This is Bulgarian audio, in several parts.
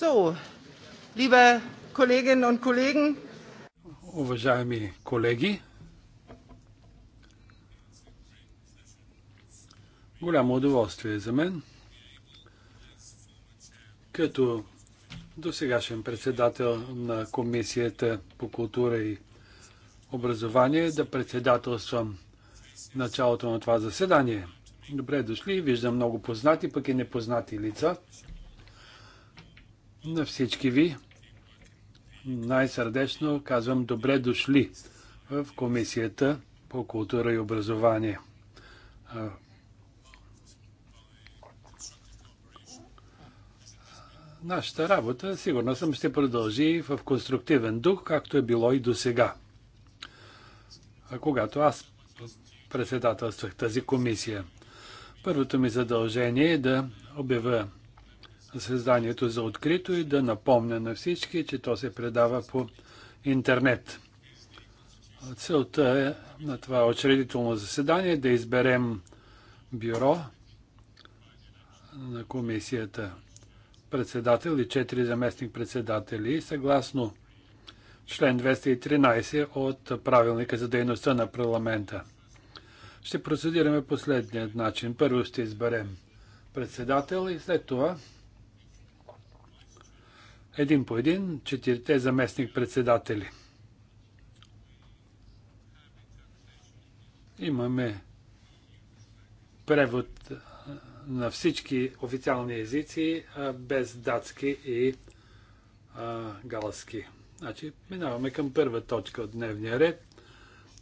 So, liebe Kolleginnen und Kollegen. Уважаеми колеги, голямо удоволствие е за мен, като досегашен председател на Комисията по култура и образование, да председателствам началото на това заседание. Добре дошли, виждам много познати, пък и непознати лица – на всички ви най-сърдечно казвам добре дошли в Комисията по култура и образование. Нашата работа, сигурно съм, ще продължи в конструктивен дух, както е било и до сега. Когато аз председателствах тази комисия, първото ми задължение е да обявя създанието е за открито и да напомня на всички, че то се предава по интернет. Целта е на това очредително заседание да изберем бюро на комисията, председател и четири заместник председатели. Съгласно член 213 от правилника за дейността на парламента. Ще процедираме последният начин. Първо ще изберем председател и след това един по един четирите заместник-председатели. Имаме превод на всички официални езици, без датски и галски. Значи, минаваме към първа точка от дневния ред.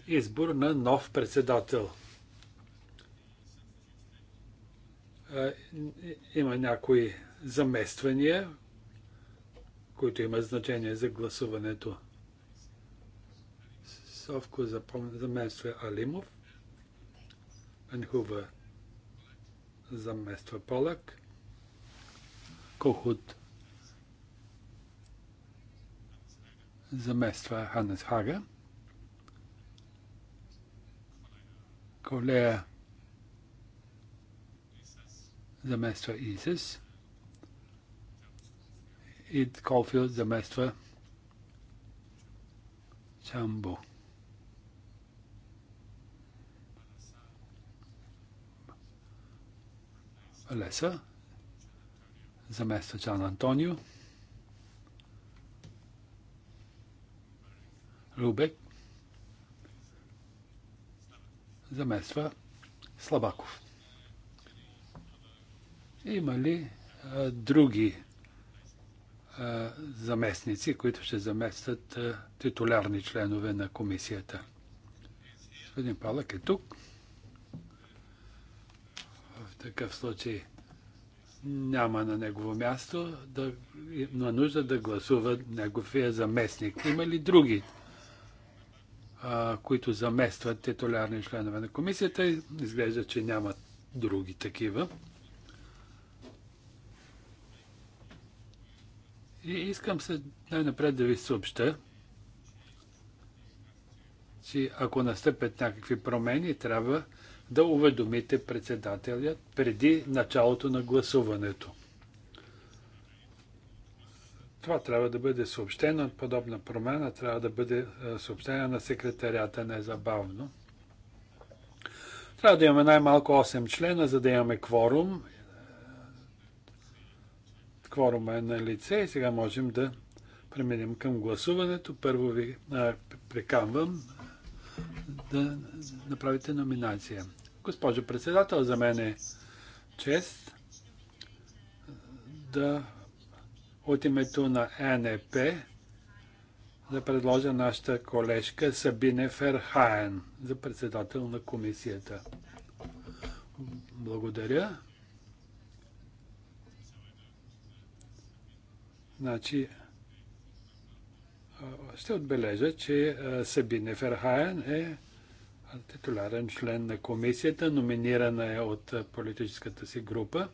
Избор на нов председател. има някои замествания които имат значение за гласуването. Совко замества Алимов, за замества Полак, Кохут замества Ханес Хага, Колея замества Исис. Ид Колфилд замества Чамбо. Леса замества Чан Антонио. Рубек замества Слабаков. Има ли а, други заместници, които ще заместят титулярни членове на комисията. Господин Палък е тук. В такъв случай няма на негово място, да, има нужда да гласува неговия заместник. Има ли други, а, които заместват титулярни членове на комисията? Изглежда, че няма други такива. И искам се най-напред да ви съобща, че ако настъпят някакви промени, трябва да уведомите председателя преди началото на гласуването. Това трябва да бъде съобщено, подобна промена трябва да бъде е, съобщена на секретарята незабавно. Трябва да имаме най-малко 8 члена, за да имаме кворум кворума е на лице и сега можем да преминем към гласуването. Първо ви а, приканвам да направите номинация. Госпожо председател, за мен е чест да от името на НЕП да предложа нашата колежка Сабине Ферхаен за председател на комисията. Благодаря. Значи, ще отбележа, че Сабине Ферхайен е титулярен член на комисията, номинирана е от политическата си група.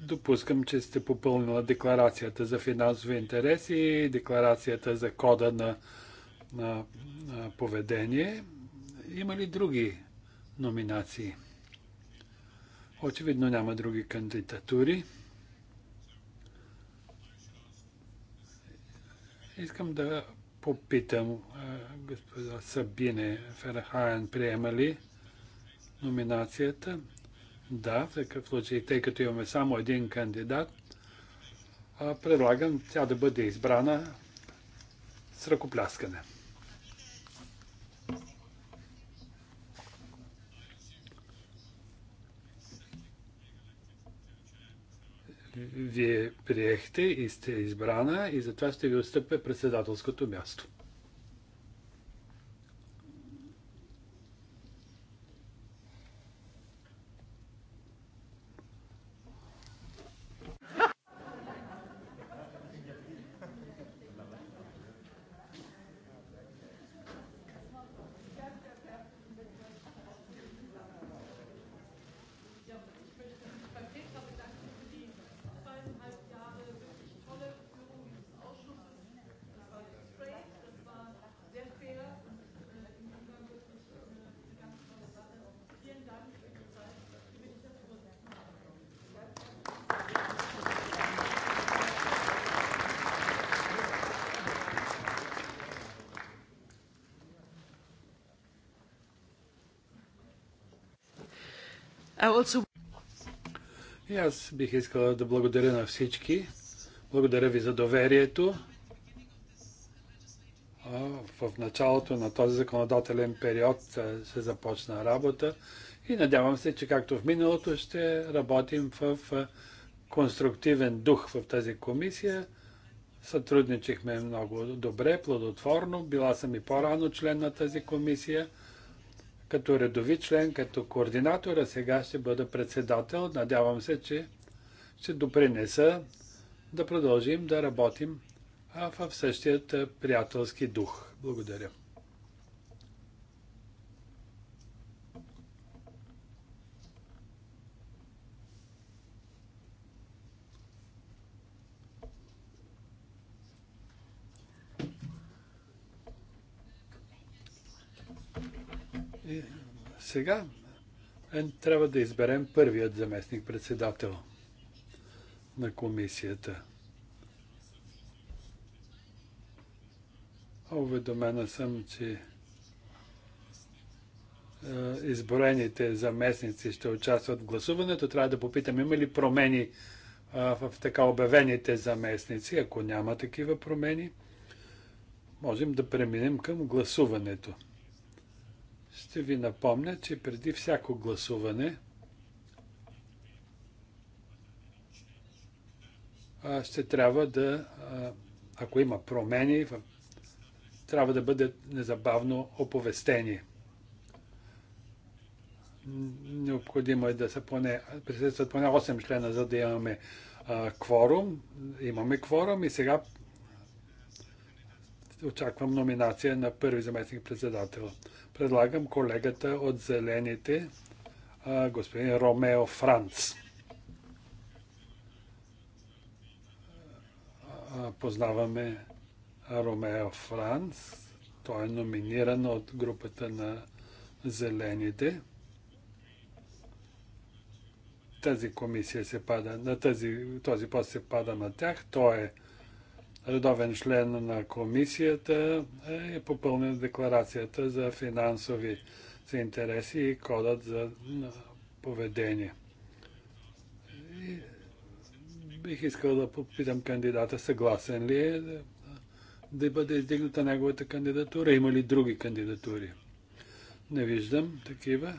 Допускам, че сте попълнила декларацията за финансови интереси и декларацията за кода на, на, на поведение. Има ли други номинации? Очевидно няма други кандидатури. Искам да попитам е, господа Сабине Ферхайен, приема ли номинацията? Да, в такъв случай, тъй като имаме само един кандидат, предлагам тя да бъде избрана с ръкопляскане. вие приехте и сте избрана и затова ще ви отстъпя председателското място. also... И аз бих искала да благодаря на всички. Благодаря ви за доверието. В началото на този законодателен период се започна работа и надявам се, че както в миналото ще работим в конструктивен дух в тази комисия. Сътрудничихме много добре, плодотворно. Била съм и по-рано член на тази комисия като редови член, като координатор, а сега ще бъда председател. Надявам се, че ще допринеса да продължим да работим в същият приятелски дух. Благодаря. И сега е, трябва да изберем първият заместник председател на комисията. Уведомена съм, че е, изборените заместници ще участват в гласуването. Трябва да попитам има ли промени в така обявените заместници. Ако няма такива промени, можем да преминем към гласуването. Ще ви напомня, че преди всяко гласуване ще трябва да, ако има промени, трябва да бъде незабавно оповестени. Необходимо е да са поне, присъстват поне 8 члена, за да имаме а, кворум. Имаме кворум и сега очаквам номинация на първи заместник председател. Предлагам колегата от Зелените, господин Ромео Франц. Познаваме Ромео Франц. Той е номиниран от групата на Зелените. Тази комисия се пада, на тази, този пост се пада на тях. Той е редовен член на комисията, е попълнен декларацията за финансови интереси и кодът за поведение. И бих искал да попитам кандидата съгласен ли е да бъде издигната неговата кандидатура. Има ли други кандидатури? Не виждам такива.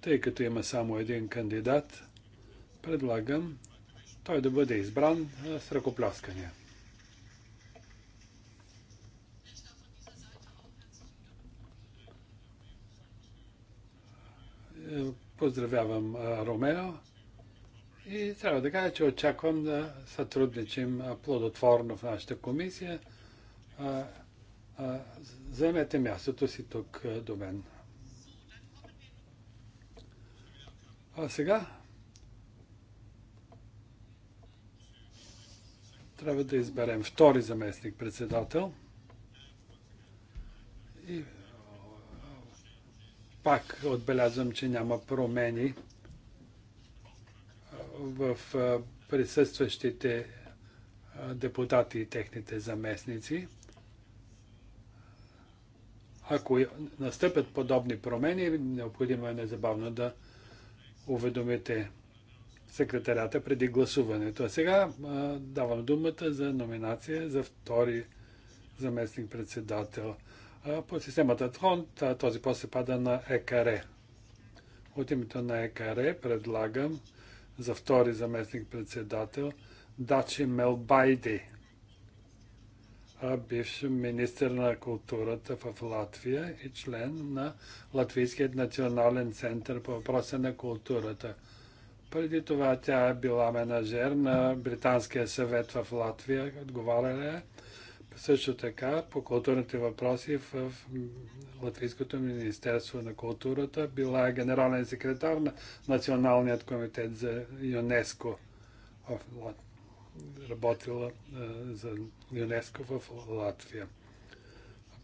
Тъй като има само един кандидат, предлагам той да бъде избран с ръкопляскания. Поздравявам Ромео и трябва да кажа, че очаквам да сътрудничим плодотворно в нашата комисия. Займете мястото си тук до мен. А сега трябва да изберем втори заместник председател. И пак отбелязвам, че няма промени в присъстващите депутати и техните заместници. Ако настъпят подобни промени, необходимо е незабавно да уведомите секретарята преди гласуването. А сега давам думата за номинация за втори заместник-председател. По системата Трон този пост се пада на ЕКАРЕ. От името на ЕКАРЕ предлагам за втори заместник председател Дачи Мелбайди, бивш министр на културата в Латвия и член на Латвийският национален център по въпроса на културата. Преди това тя е била менажер на Британския съвет в Латвия, отговаряла е също така по културните въпроси в Латвийското Министерство на културата. Била е генерален секретар на Националният комитет за ЮНЕСКО. Работила за ЮНЕСКО в Латвия.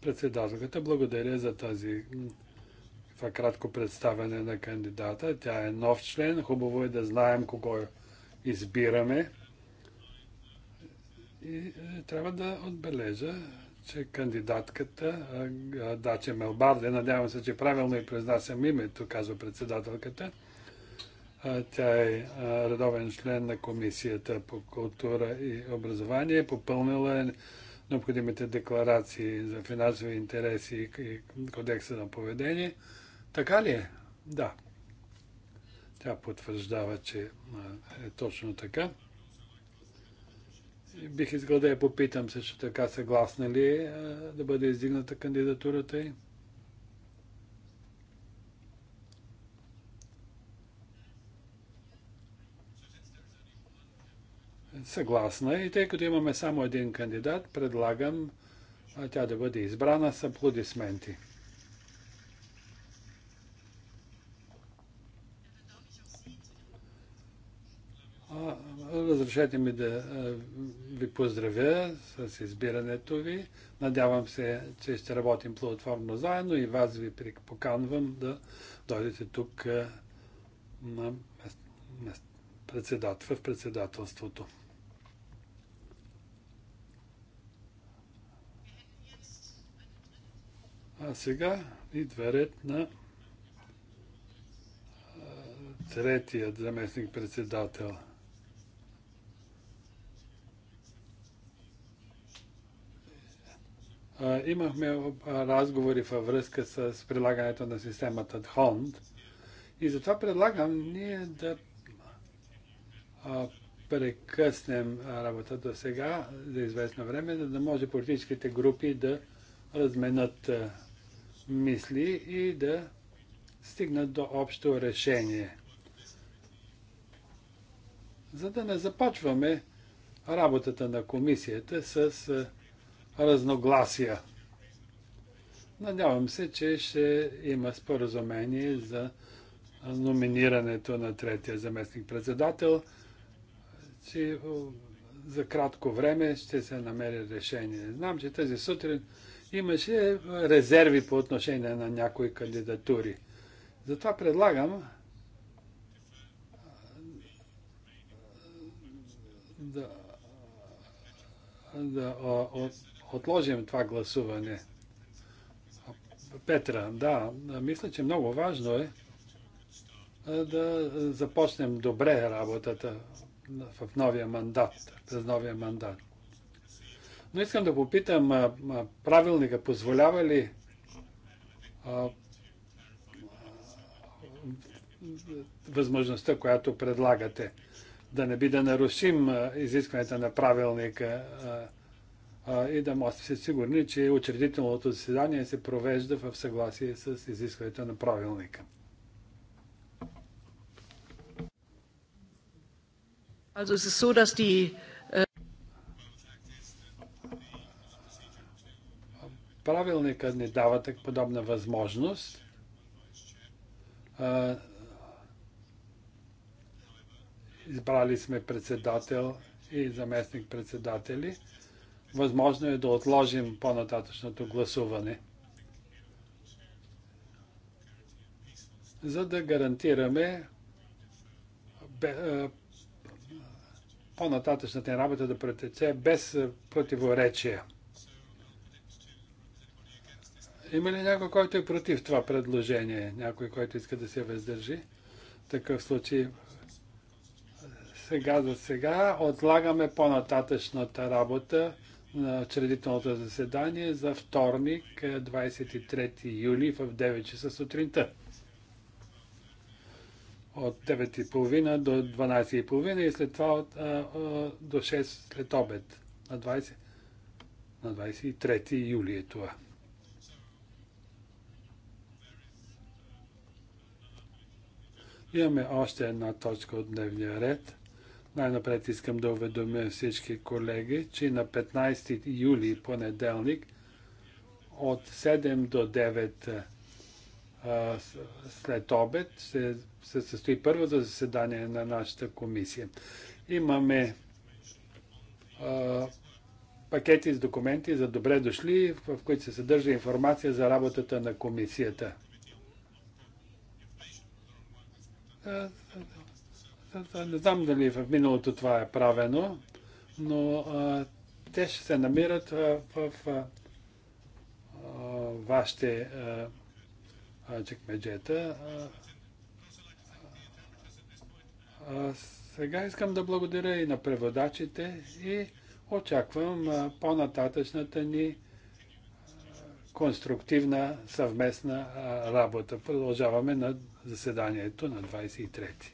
Председателката благодаря за тази това кратко представяне на кандидата. Тя е нов член. Хубаво е да знаем кого избираме. И е, трябва да отбележа, че кандидатката Даче Мелбарде, надявам се, че правилно и произнасям името, казва председателката, тя е редовен член на Комисията по култура и образование, попълнила е необходимите декларации за финансови интереси и кодекса на поведение. Така ли е? Да. Тя потвърждава, че е точно така. Бих искал да я попитам също така, съгласна ли е да бъде издигната кандидатурата й? Съгласна и тъй като имаме само един кандидат, предлагам тя да бъде избрана с аплодисменти. разрешете ми да ви поздравя с избирането ви. Надявам се, че ще работим плодотворно заедно и вас ви поканвам да дойдете тук на председател, в председателството. А сега идва ред на третият заместник председател – Имахме разговори във връзка с прилагането на системата ДХОНД и затова предлагам ние да прекъснем работа до сега за известно време, за да може политическите групи да разменят мисли и да стигнат до общо решение. За да не започваме работата на комисията с разногласия. Надявам се, че ще има споразумение за номинирането на третия заместник председател, че за кратко време ще се намери решение. Знам, че тази сутрин имаше резерви по отношение на някои кандидатури. Затова предлагам да, да от, отложим това гласуване. Петра, да, мисля, че много важно е да започнем добре работата в новия мандат, през новия мандат. Но искам да попитам, правилника позволява ли възможността, която предлагате, да не би да нарушим изискването на правилника а, и да може да се сигурни, че учредителното заседание се провежда в съгласие с изискването на правилника. Also es ist so, dass die äh, Правилника не дава так подобна възможност. Избрали сме председател и заместник председатели. Възможно е да отложим по-нататъчното гласуване, за да гарантираме по-нататъчната работа да претече без противоречия. Има ли някой, който е против това предложение? Някой, който иска да се въздържи? В такъв случай сега за сега отлагаме по-нататъчната работа на учредителното заседание за вторник, 23 е, юли в 9 часа сутринта. От 9.30 до 12.30 и след това от, а, а, до 6 след обед. На, 20, на 23 юли е това. Имаме още една точка от дневния ред – най-напред искам да уведомя всички колеги, че на 15 юли понеделник от 7 до 9 след обед се състои първото заседание на нашата комисия. Имаме пакети с документи за добре дошли, в които се съдържа информация за работата на комисията. Е, не знам дали в миналото това е правено, но а, те ще се намират а, в а, вашите чекмеджета. Сега искам да благодаря и на преводачите и очаквам по-нататъчната ни конструктивна съвместна работа. Продължаваме на заседанието на 23.